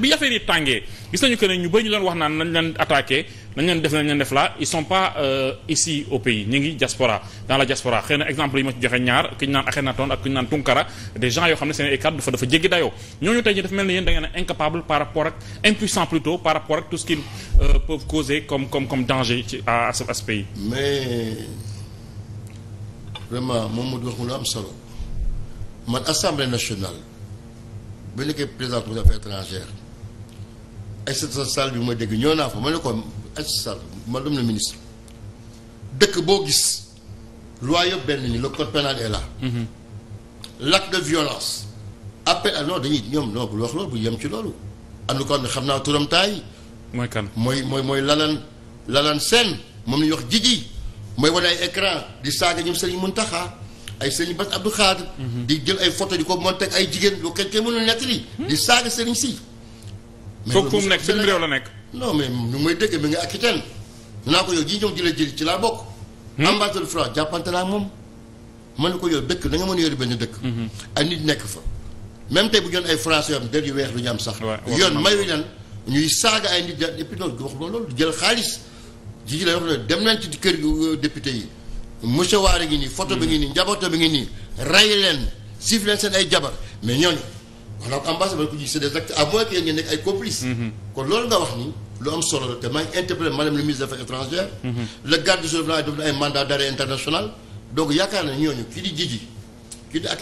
bi affaire yi tàngee gis nañu que ne ñu bëri ñu doon wax naan nañ leen attaqué nañ leen def nañ neen def là ils sont pas euh, ici au pays ñu ngi diaspora dans la diaspora xëy na exemple yi ma ci joxe ñaar ki ñu naan Akhenaton ak ki ñu naan Tunkara des gens yoo xam ne seen ay cadre dafa dafa jéggi dayoo ñooñu tey ji dafa mel ne yéen da incapable par rapport ak impuissant plutôt par rapport ak tout ce qu'ils euh, peuvent causer comme comme danger ci à pays mais vraiment moom Mamadou wax mu lu am solo man ay Aïssata Sall bi ma dégg ñoo naa fa ma ne ko Aïssata Sall madame la ministre dëkk boo gis loi yëpp benn ni loo code pénal est là. Mhm. l'acte de violence. appel ah non dañuy ñoom non bul wax loolu bul yem ci loolu. am na ko xam ne xam naa turam taay. mooy kan mooy mooy mooy lalan lalan seen moom la ñuy wax jiji mooy wane ay écran di saaga ñoom sëriñ Muntaxa ay sëriñ Bass Abdou Khadre. Mhm. di jël ay photo di ko monté ak ay jigéen lu kenn kenn mënul nekk li mhm. di saaga sëriñ si. Sokkum nekk suñu réew la nekk. non mais ñu may dëgg mi nga Aquitaine naa ko yow jii ñëw di la jëli ci laa bokk. Hmm? ambassadeur France jàppante naa moom. mën ko yow dëkk da nga mën a yor benn dëkk. ay nit nekk fa. même tey bu ñu ay français am der yu weex lu ñu am sax. yoon mayu leen ñuy saaga ay nit daal et puis loolu wax loolu jël xaalis. ji la wax dem nañ ci kër euh, député yi monsieur Waare ngi nii. photo bi ngi nii njabooto bi nga nii. rey leen siif leen seen ay jabar mais ñooñu. maanaam ambassadeur ko ji c'est des actes à moins que yéen ngeen nekk ay complices. Mm-hmm. kon loolu nga wax ni lu am solo la te maa ngi interpellé madame le ministre des affaires étrangères. Mm-hmm. le garde des def na ay mandat d'arrêt international. donc yaakaar na ñooñu kii di Jiji kii di ak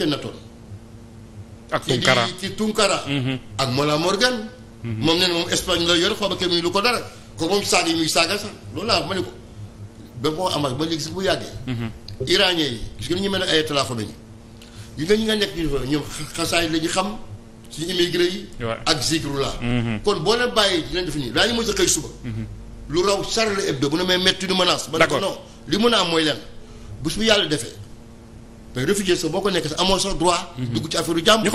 Tunkara kii Tunkara. Mm-hmm. ak Mola Morgan. moom nee moom Espagne la yor xaw ma kenn lu ko dara. ko moom saag yi muy saaga sax loolu laa ma ne ko ba moo amal ba léegi sax bu yàggee. iranien yi gis nga ñu mel ay talaafa lañu. yi nga ñu nga nekk ñu xam. suñu immigré yi. ak Zikrula. Mm-hmm. kon boo leen bàyyi dinañ def nii daañu mos a xëy suba. Mm-hmm. lu raw Charlie Hebdo bu ne mais métti nu menace. ba ne ko non li mën a am mooy lenn bu su yàlla defee mais réfugié sax boo ko nekk sax amoo sax droit. Mm-hmm. dugg ci affaire jàmm.